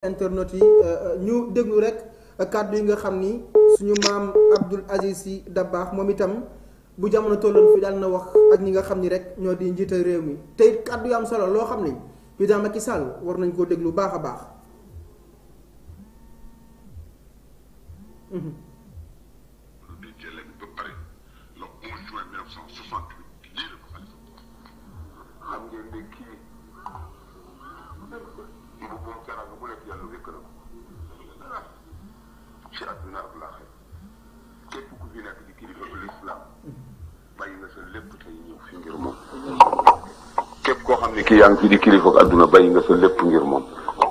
internet yi euh, euh, ñu déglu rek kàddu yi nga xam ni suñu maam Abdoul Aziz Sy baax moom itam bu jamono tolloon fi daal na wax ak ñi nga xam ni rek ñoo di njiital réew mi te kàddu yu am solo loo xam ni président Macky Sall war nañ koo déglu baax a baax. Mhm. di kii yaa ngi di kilifa ak àdduna bàyyi nga sa lépp ngir moom.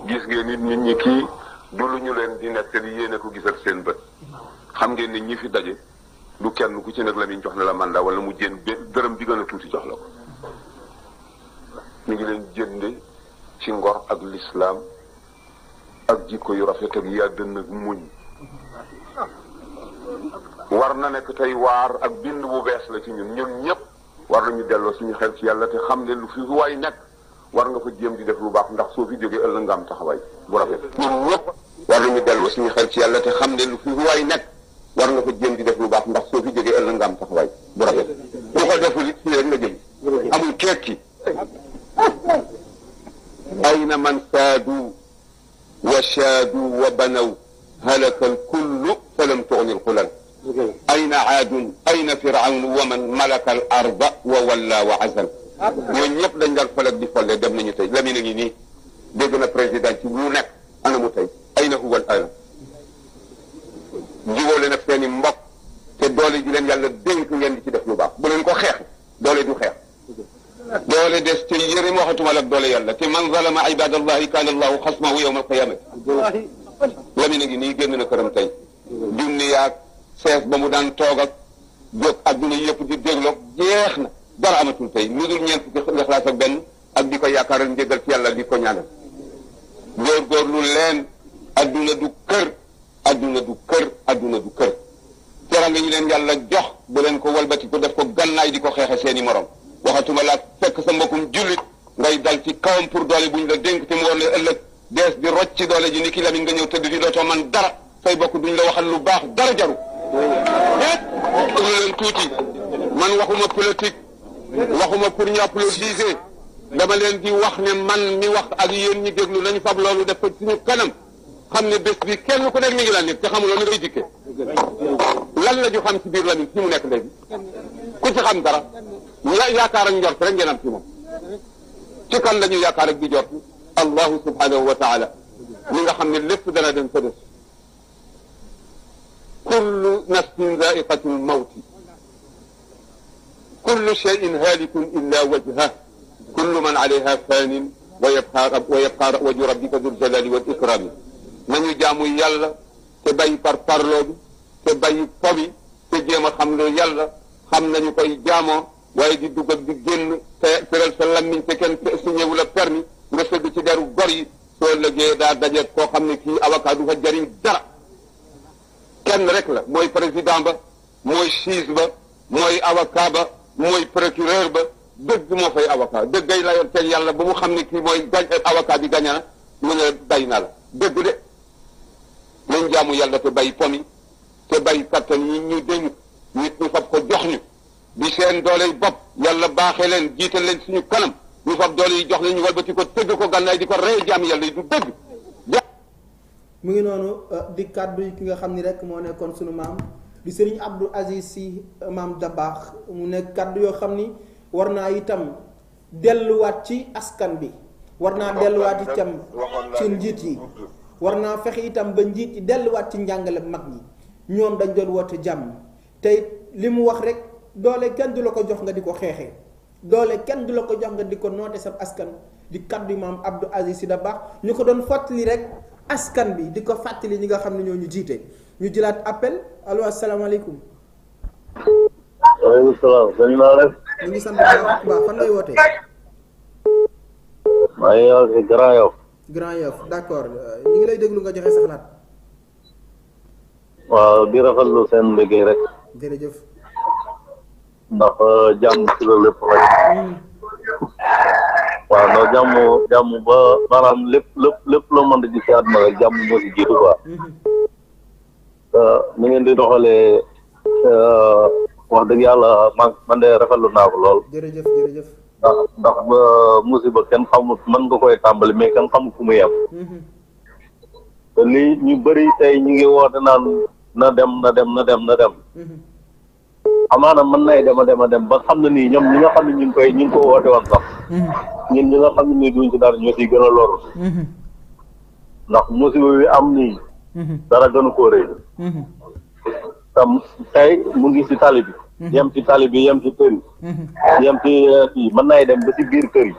gis ngee nit nit ñi kii du lu ñu leen di nettali yéen a ko gis ak seen bët xam ngeen nit ñi fi daje du kenn ku ci nekk la ñu jox ne la mandat wala mu jën dërëm bi gën a tuuti jox la ko. mi ngi leen jënde ci ngor ak lislaam ak jikko yu rafet ak yàdd nag muñ war na nekk tey waar ak bind bu bees la ci ñun ñun ñëpp. war nañu delloo suñu xel ci yàlla te xam ne lu fi waay nekk war nga fa jéem di def lu baax ndax soo fi jógee ëllëg nga am taxawaay bu rafet. ñun ñëpp war nañu delloo suñu xel ci yàlla te xam ne lu fi waay nekk war nga fa jéem di def lu baax. waaye ñëpp dañ daan fal ak di folle dem nañu tey Lamine a ngi nii dégg na président ci lu nekk anamu tey ay na huwal ana njubóole seen i mbokk te doole ji leen yàlla dénk ngeen di ci def lu baax bu leen ko xeex doole du xeex doole des te yërim waxatuma la doole yàlla te man zalama a kaana allahu xasmahu yawma alqiyamati Lamine a ngi nii génn na këram tey junni yaag sees ba mu daan toog ak jóg adduna yëpp di dégloog jeex na dara amatul tey lu dul ñeent fukki lixlaas ak benn ak di ko yaakaaral njëgal ci yàlla di ko ñaanal góorgóorlu leen adduna du kër adduna du kër adduna du kër teranga ñu leen yàlla jox bu leen ko walbati ko def ko gannaay di ko xeexe seeni morom waxatuma laa fekk sa mbokkum jullit ngay dal ci kawam pour doole bu ñu la dénk te mu war la ëllëg dees di rocc ci doole ji ni ki lamin nga ñëw tëdd di dootoo man dara say bokk duñ la waxal lu baax dara jaru déet leen tuuti man waxuma waxuma pour ñu applaudir dama leen di wax ne man mi wax ak yéen ñi déglu nañu fab loolu def ko suñu kanam xam ne bés bi kenn ku nekk mi ngi daan nekk te xamuloo ni ngay lan la ñu xam ci biir Lamine ci mu nekk léegi ku ci xam dara ya yaakaar ak njort rek ngeen am ci moom ci kan la ñu yaakaar ak di jort allahu subhanahu wa taala mi nga xam ne lépp dana dem sa des kullu nafsin zaiqatul mawti kullu shay'in halikun illa wajhah kullu man alayha fanin wa a wa yabqa wajhu rabbika dul jalali wal nañu jaamu yàlla te bàyyi par parloo bi te bàyyi po te jéem a xam lu yàlla xam nañu koy jaamoo waaye du dugg ak di génn te tëral sa lammiñ te kenn signéwu la permis nga sëgg ci deru gor yi soo lëgee daa daje koo xam ne kii avocat du fa jariñ dara kenn rek la mooy président ba mooy siis ba mooy avocat mooy procureur ba dëgg moo fay avocat dëggay la yor seen yàlla ba mu xam ne kii mooy gañ avocat bi gañe na mu ne bay na la dëgg de nañ jaamu yàlla te bay pom yi te bay kattan ñi ñu dénk nit ñu fab ko jox ñu bi seen dooley bopp yàlla baaxe leen jiital leen suñu kanam ñu fab doole yi jox leen ñu walbati ko tëgg ko gànnaay di ko rey jaam yàlla yi du dëgg mu ngi noonu di kàddu yi ki nga xam ni rek moo nekkoon suñu maam di sëriñ Abdou Aziz si euh, maam Dabaax mu nekk kàddu yoo xam ni war naa itam delluwaat ci askan bi war naa delluwaat itam ci njiit yi war naa fexe itam ba njiit yi delluwaat ci njàngale mag ñi ñoom dañ doon woote jàmm tey li mu wax rek doole kenn du la ko jox nga di ko xeexee doole kenn du la ko jox nga di ko noote sa askan di kàddu maam Abdou Aziz si Dabaax ñu ko doon fàttali rek askan bi di ko fàttali ñi nga xam ne ñoo ñu jiite ñu jëlaat appel allo asalaamaaleykum. waaleykum salaam sëñ Ba. ñu ngi sant bu baax fan lay wootee. maa ngi ñëw si Grand Yoff. Grand Yoff d'accord ñu ngi lay déglu nga joxe sa xalaat. waaw di rafetlu seen liggéey rek. jërëjëf. ndax euh, jàmm ci la lépp hmm. rek. waaw ndax jàmm jàmm ba maanaam lépp lépp lépp mën a ci àdduna rek jàmm moo jiitu quoi. Hmm. ni ngeen di doxalee euh, wax dëgg yàlla man man de rafetlu naa ko lool. jërëjëf jërëjëf. ndax ndax ba musiba kenn xamut mën nga koy tàmbali mais kenn xamut fu mu yem. Mm-hmm. te lii ñu bëri tey ñu ngi woote naan na dem na dem na dem na dem. Mm-hmm. amaana mën nay dema dema dem ba xam ne nii ñoom ñi nga xam ne ñu ngi koy ñu ngi ko woote woon sax mm-hmm. ñun ñi nga xam ne nii duñ ci dara ñoo ciy gën a loru ndax musiba bi am nii dara gënu koo rëy. tam tey mu ngi ci tali bi. yem ci tali bi yem ci kër yi. ci fii euh, mën nay dem ba si biir kër yi.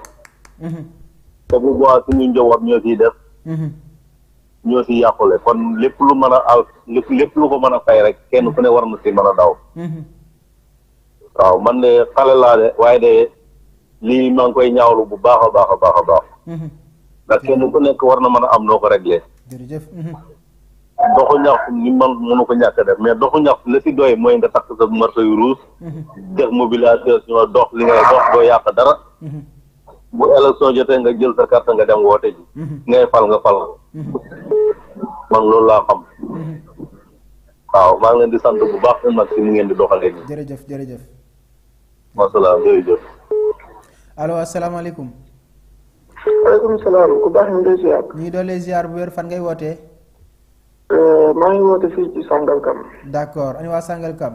te bu boobaa suñu njaboot ñoo ciy def. ñoo ciy yàqule kon lépp lu mën a al lépp lu ko mën a fay rek kenn ku ne war a daw. waaw man de xale laa de waaye de lii koy ñaawlu bu baax a baax a baax a baax. Mhm. ndax nekk war na mën a am noo ko réglé. doxu ñaxtu ñi man mënu ko ñàkk def mais doxu ñaxtu la si doy mooy nga takk sa marto yu ruus mhm. def mobilisation dox li ngay dox doo yàq dara mhm. bu élection jotee nga jël sa carte nga dem woote ji mhm. ngay fal nga fal man loolu laa xam waaw maa ngi leen di sant bu baax seen mag si ngeen di doxalee nii jërëjëf jërëjëf masalaam jërëjëf allo asalaamaaleykum aleykum salaam ku baax ñu ngi fan ngay wootee Eh, maa ngi woote fii ci Sangalkam. d'accord ani waa Sangalkam.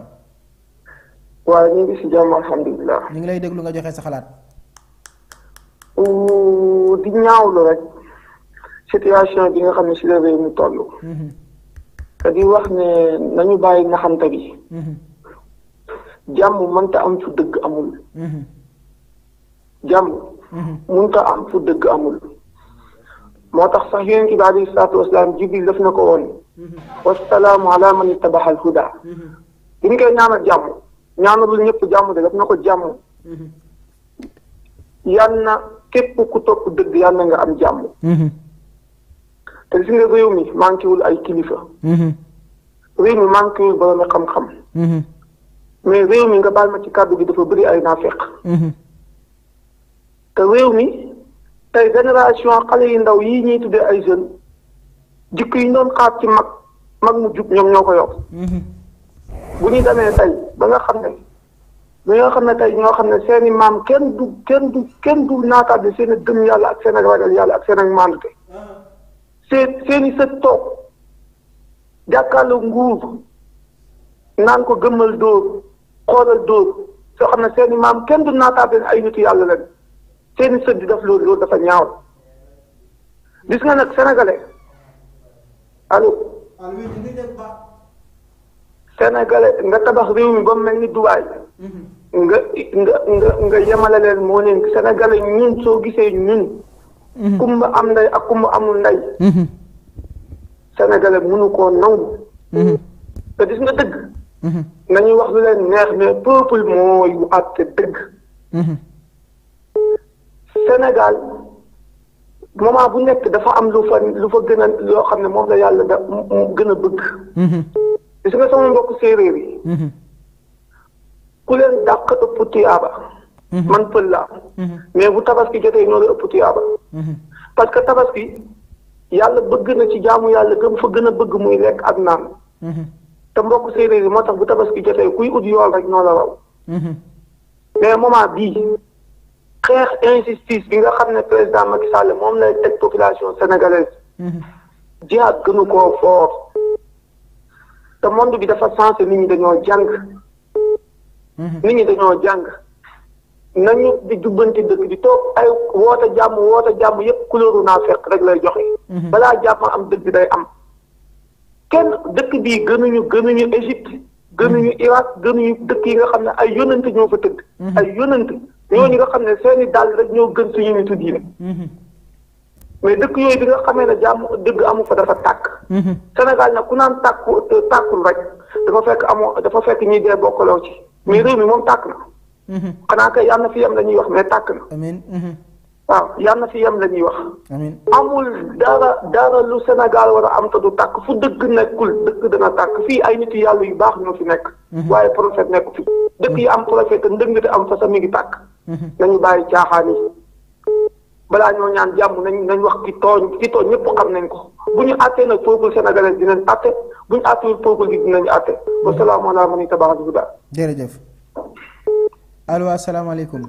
waaye ñu ngi si jàmm alhamdulilah. ñu ngi lay déglu nga joxe sa xalaat. di ñaawlu rek situation bi nga xam ne si la réew mi mhm. te di wax ne nañu bàyyi naxante bi. Mhm. jàmm mënta am fu dëgg amul. Mhm. jàmm. mënta am fu dëgg amul. moo tax sax yonent bi alayhi salaatu wasalaam Jibril daf na ko woon. wasalaamu ala man ittabaha al huda bu ñu ñaana ñaanal jàmm ñaanalul ñëpp jàmm de daf na ko jàmm mm-hmm. yal na képp ku topp dëgg yal na nga am jàmm mm-hmm. te gis nga réew mi manquéwul ay kilifa mm-hmm. réew mi manquéwul borom xam-xam mais réew mi nga baal ma ci kàddu gi dafa bëri ay naafeq te réew mi tey génération xale yi ndaw yi ñuy tuddee ay jeunes jikk yi doon xaar ci mag mag mu jub ñoom ñoo ko yokk mm-hmm. bu ñu demee tey ba nga xam ne ba nga xam ne tey ñoo xam ne seeni i maam kenn du kenn du kenn du naataable seen i gëm yàlla ak seen yàlla ak seen ak mandute uh-huh. seen seen sët toog jàkkaarloo nguur naan ko gëmmal dóor xoolal dóor soo xam ne seen i maam kenn du naataable ay nit yàlla leen seen i sët di def loolu dafa ñaaw gis nga nag sénégalais allo. Sénégalais nga tabax réew mi ba mu mel ni Dubaay. Mhm. nga nga nga nga yemale leen moo leen Sénégalais ñun soo gisee ñun. Mhm. kumba am ndey ak kumba amul ndey. Mhm. Sénégalais mënu koo nangu. te gis nga dëgg. nañuy wax lu leen neex mais peuple mooy yu àtte dëgg. Sénégal. moment bu nekk dafa am lu fa lu fa gën a yoo xam ne moom la yàlla da mu gën a bëgg. Mm-hmm. gis nga sama mbokk séeréer yi. Mm-hmm. ku leen dàq ëpp tuyaaba. Mm-hmm. man pël laa. mais bu tabaski jotee ñoo la ëpp tuyaaba. parce que tabaski yàlla bëgg na ci jaamu yàlla gëm fa gën a bëgg muy lekk ak naan. te mbokk séeréer yi moo tax bu tabaski jotee kuy ut yool rek ñoo la raw. mais moment bii. xeex injustice bi nga xam ne président Macky Sall moom lay teg population sénégalaise. Mhm. jihaad gënu koo fort. te monde bi dafa sensé nit ñi dañoo jàng. Mhm. nit ñi dañoo jàng. nañu di jubbanti dëkk di toog ay woote jàmm woote jàmm yëpp couleur naa fekk rek lay joxe. Mhm. balaa jàmm am dëkk bi day am. kenn dëkk bii gënuñu gënuñu Égypte. gënuñu Irak gënuñu dëkk yi nga xam ne ay yonent ñoo fa tëdd. ay yonent. ñooñu mm-hmm. nga xam ne seeni dàll rek ñoo gën suñu nitu diine mais dëkk yooyu bi nga xamee ne jàmm dëgg amu fa dafa tàkk mm-hmm. Sénégal na ku naan tàkku tàkkul rek dafa fekk amoo dafa fekk ñuy dee bokkaloo ci mais réew mi moom tàkk na mm-hmm. xanaa kay yàlla na fi yam la ñuy wax mais tàkk na waaw yàlla na fi yem la ñuy wax amul dara dara lu Sénégal war a am ta du tàkk fu dëgg nekkul dëgg dana tàkk fii ay nit yàll yu baax ñoo fi nekk waaye prophète nekk fi dëkk yi am prophète ndëng te am fa sa mi ngi tàkk nañu bàyyi caaxaan yi balaa ñoo ñaan jàmm nañ nañ wax ki tooñ ki tooñ ñëpp xam nañ ko bu ñu àttee nag peuple sénégalais dinañ àtte bu ñu àttewul peuple gi dinañ àtte wa salaamu alaa man ittaba'a al-hudaa jërëjëf allo asalaamaaleykum.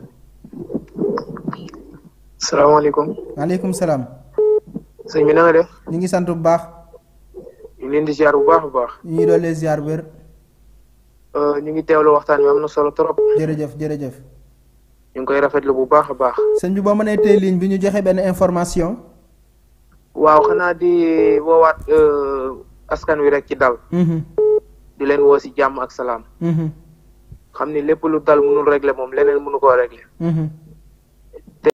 salaamaaleykum. maaleykum salaam. sëñ bi na nga def. ñu ngi sant bu baax. ñu ngi leen di ziar bu baax bu baax. ñu ngi doon les ziar wér. Euh, ñu ngi teewlu waxtaan wi am na solo trop. jërëjëf jërëjëf. ñu ngi koy rafetlu bu baax a baax. sëñ bi ba mënee tey ligne bi ñu joxee benn information. waaw xanaa di woowaat euh, askan wi rek ci dal. Mhm. di leen woo si jàmm ak salaam. Mhm. xam ni lépp lu dal mënul régler moom leneen mënu koo régler. Mhm.